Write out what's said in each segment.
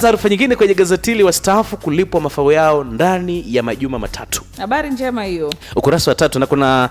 Taarifa nyingine kwenye gazeti hili, wastaafu kulipwa mafao yao ndani ya majuma matatu. Habari njema hiyo, ukurasa wa tatu, na kuna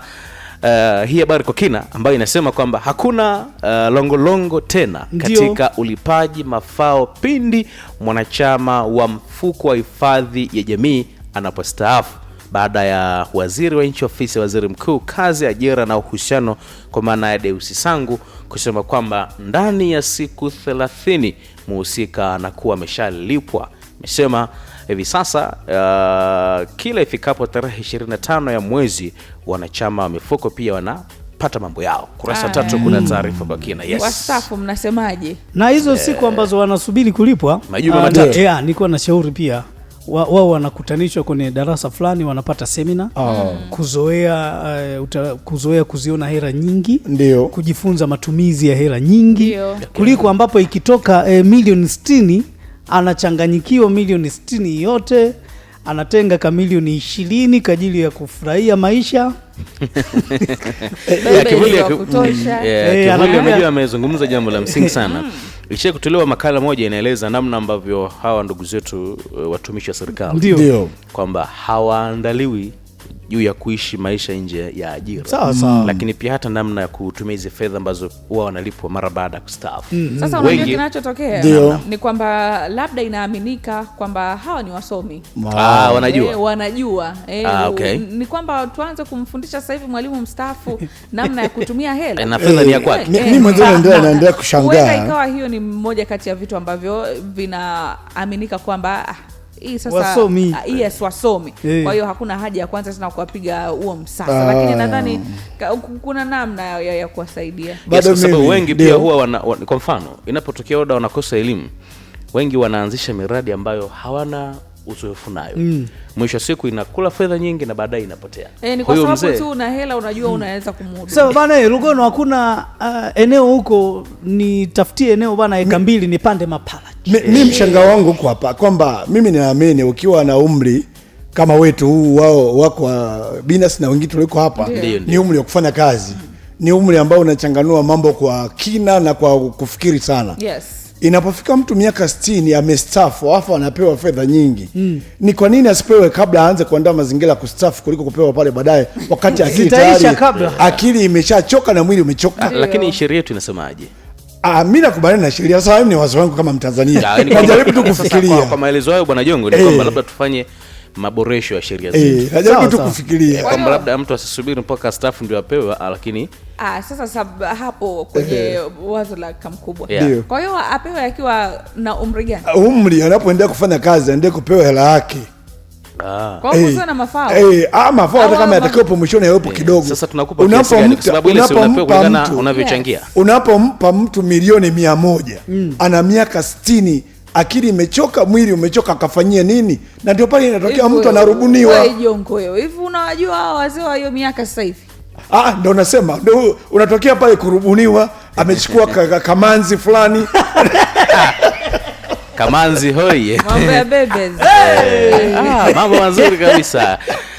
uh, hii habari kwa kina ambayo inasema kwamba hakuna uh, longolongo tena katika ulipaji mafao pindi mwanachama wa mfuko wa hifadhi ya jamii anapostaafu baada ya waziri wa nchi ofisi ya waziri mkuu kazi, ajira na uhusiano, kwa maana ya Deusi Sangu kusema kwamba ndani ya siku 30 muhusika anakuwa ameshalipwa. Amesema hivi sasa uh, kila ifikapo tarehe 25 ya mwezi wanachama wa mifuko pia wana pata mambo yao. Kurasa ah. tatu kuna taarifa kwa kina. Yes. Wastafu mnasemaje? Na hizo siku ambazo wanasubiri kulipwa majuma ah, matatu. Yeah, nilikuwa na shauri pia wao wa wanakutanishwa kwenye darasa fulani, wanapata semina oh. Ah. kuzoea uh, uta, kuzoea kuziona hera nyingi ndio kujifunza matumizi ya hera nyingi Ndiyo. kuliko ambapo ikitoka eh, milioni sitini anachanganyikiwa milioni sitini yote anatenga ka milioni ishirini kwa ajili ya kufurahia maisha. Mm, eh, amezungumza jambo la msingi sana. Mm. Ilisha kutolewa makala moja inaeleza namna ambavyo hawa ndugu zetu eh, watumishi wa serikali kwamba hawaandaliwi juu ya kuishi maisha nje ya ajira sawa sawa, mm. lakini pia hata namna ya kutumia hizi fedha ambazo huwa wanalipwa mara baada ya kustaafu. mm -hmm. Sasa unajua kinachotokea ni kwamba labda inaaminika kwamba hawa ni wasomi. Ah, wow. Ah, wanajua e, wanajua e, ah, okay. Ni kwamba tuanze kumfundisha sasa hivi mwalimu mstaafu namna ya kutumia hela na fedha ni ya eh, kwake. Mimi mwenyewe ndio anaendelea kushangaa, ikawa hiyo ni mmoja kati ya vitu ambavyo vinaaminika kwamba ah, hii sasa wasomi. Ah, yes, wasomi eh. Kwa hiyo hakuna haja ya kwanza tena kuwapiga huo msasa ah. Lakini nadhani kuna namna ya, ya, ya kuwasaidia yes, kwa sababu wengi pia huwa wana, wana, kwa mfano inapotokea oda wanakosa elimu, wengi wanaanzisha miradi ambayo hawana uzoefu nayo mm. Mwisho wa siku inakula fedha nyingi na baadaye inapotea. E, ni kwa sababu tu una hela unajua mm. unaweza kumudu. Sasa bana eh, Lugono hakuna uh, eneo huko nitafutie eneo bana eka mbili nipande mapala Mi eh. mshanga wangu huko hapa kwamba mimi naamini ukiwa na umri kama wetu huu wao wako binas na wengine tuliko hapa ndiyo, ni umri wa kufanya kazi, ni umri ambao unachanganua mambo kwa kina na kwa kufikiri sana yes. Inapofika mtu miaka sitini amestafu afu anapewa fedha nyingi mm. Ni kwa nini asipewe kabla aanze kuandaa mazingira ya kustafu kuliko kupewa pale baadaye, wakati akili tayari akili imeshachoka na mwili umechoka. Lakini sheria yetu inasemaje? Ah, mimi nakubaliana na sheria. Sasa ni wazo wangu kama Mtanzania. Najaribu tu kufikiria. Kwa maelezo hayo Bwana Jongo ni eh. kwamba labda tufanye maboresho ya sheria eh, zetu. Najaribu tu kufikiria kwamba labda mtu asisubiri mpaka staff ndio apewe, ah, lakini ah, sasa sab hapo kwenye eh. wazo la kamkubwa yeah. Kwa hiyo apewe akiwa na umri gani? Umri anapoendelea kufanya kazi aendee kupewa hela yake. Ah. Ah, mafao hata kama mwishoni yawepo kidogo. Unapompa mtu milioni mia moja mm. ana miaka sitini akili imechoka, mwili umechoka, akafanyie nini? Na ndio pale inatokea mtu anarubuniwa. Hivi unawajua wazee wa hiyo miaka sasa hivi? Ah, ndo nasema ndo unatokea pale kurubuniwa, amechukua kamanzi fulani Kamanzi hoye, mambo ya bebes, eh, ah, mambo mazuri kabisa.